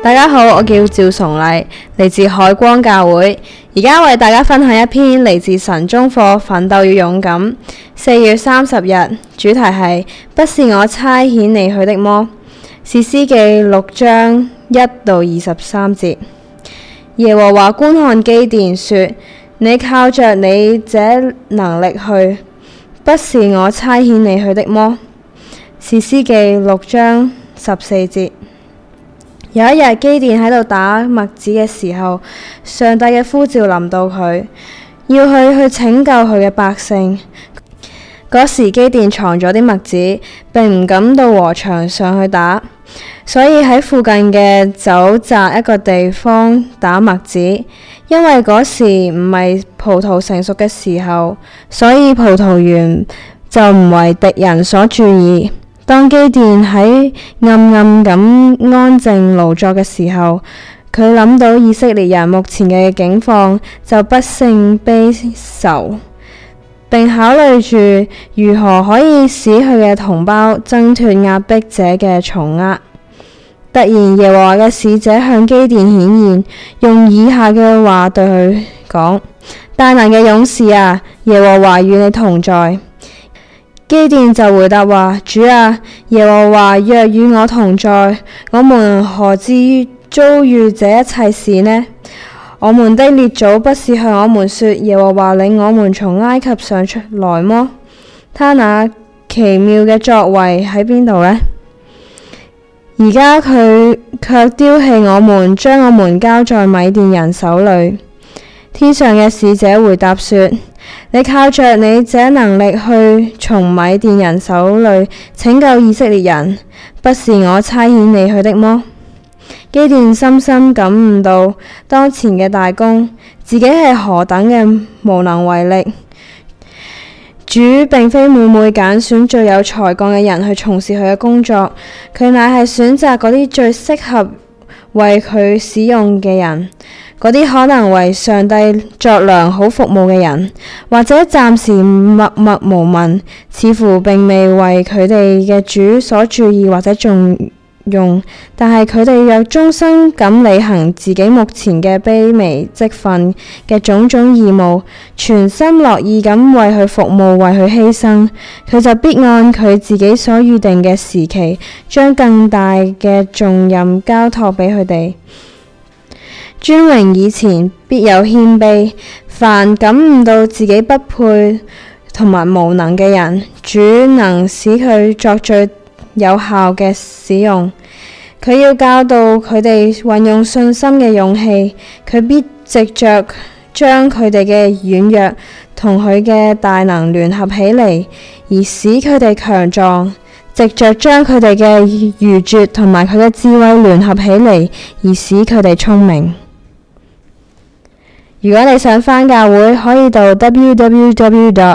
大家好，我叫趙崇禮，嚟自海光教會。而家為大家分享一篇嚟自神中課《奮鬥與勇敢》，四月三十日主題係不是我差遣你去的麼？士師記六章一到二十三節。耶和華觀看基甸說：你靠着你這能力去，不是我差遣你去的麼？士師記六章。十四節。有一日，基甸喺度打麥子嘅時候，上帝嘅呼召臨到佢，要佢去拯救佢嘅百姓。嗰時基甸藏咗啲麥子，並唔敢到禾場上去打，所以喺附近嘅酒醡一個地方打麥子。因為嗰時唔係葡萄成熟嘅時候，所以葡萄園就唔為敵人所注意。當基甸喺暗暗咁安靜勞作嘅時候，佢諗到以色列人目前嘅境況，就不勝悲愁，並考慮住如何可以使佢嘅同胞掙脫壓迫者嘅重壓。突然，耶和華嘅使者向基甸顯現，用以下嘅話對佢講：大能嘅勇士啊，耶和華與你同在。基甸就回答話：主啊，耶和華若與我同在，我們何至於遭遇這一切事呢？我們的列祖不是向我們說耶和華領我們從埃及上出來麼？他那奇妙嘅作為喺邊度呢？而家佢卻丟棄我們，將我們交在米甸人手裏。天上嘅使者回答說：你靠着你這能力去從米甸人手裏拯救以色列人，不是我差遣你去的麼？基甸深深感悟到當前嘅大工，自己係何等嘅無能為力。主並非每每揀選最有才幹嘅人去從事佢嘅工作，佢乃係選擇嗰啲最適合為佢使用嘅人，嗰啲可能為上帝作良好服務嘅人，或者暫時默默無聞，似乎並未為佢哋嘅主所注意，或者仲用，但係佢哋若終生咁履行自己目前嘅卑微職分嘅種種義務，全心樂意咁為佢服務、為佢犧牲，佢就必按佢自己所預定嘅時期，將更大嘅重任交託俾佢哋。尊榮以前必有謙卑，凡感悟到自己不配同埋無能嘅人，主能使佢作最。有效嘅使用，佢要教導佢哋運用信心嘅勇氣，佢必藉着將佢哋嘅軟弱同佢嘅大能聯合起嚟，而使佢哋強壯；藉着將佢哋嘅愚拙同埋佢嘅智慧聯合起嚟，而使佢哋聰明。如果你想返教會，可以到 www.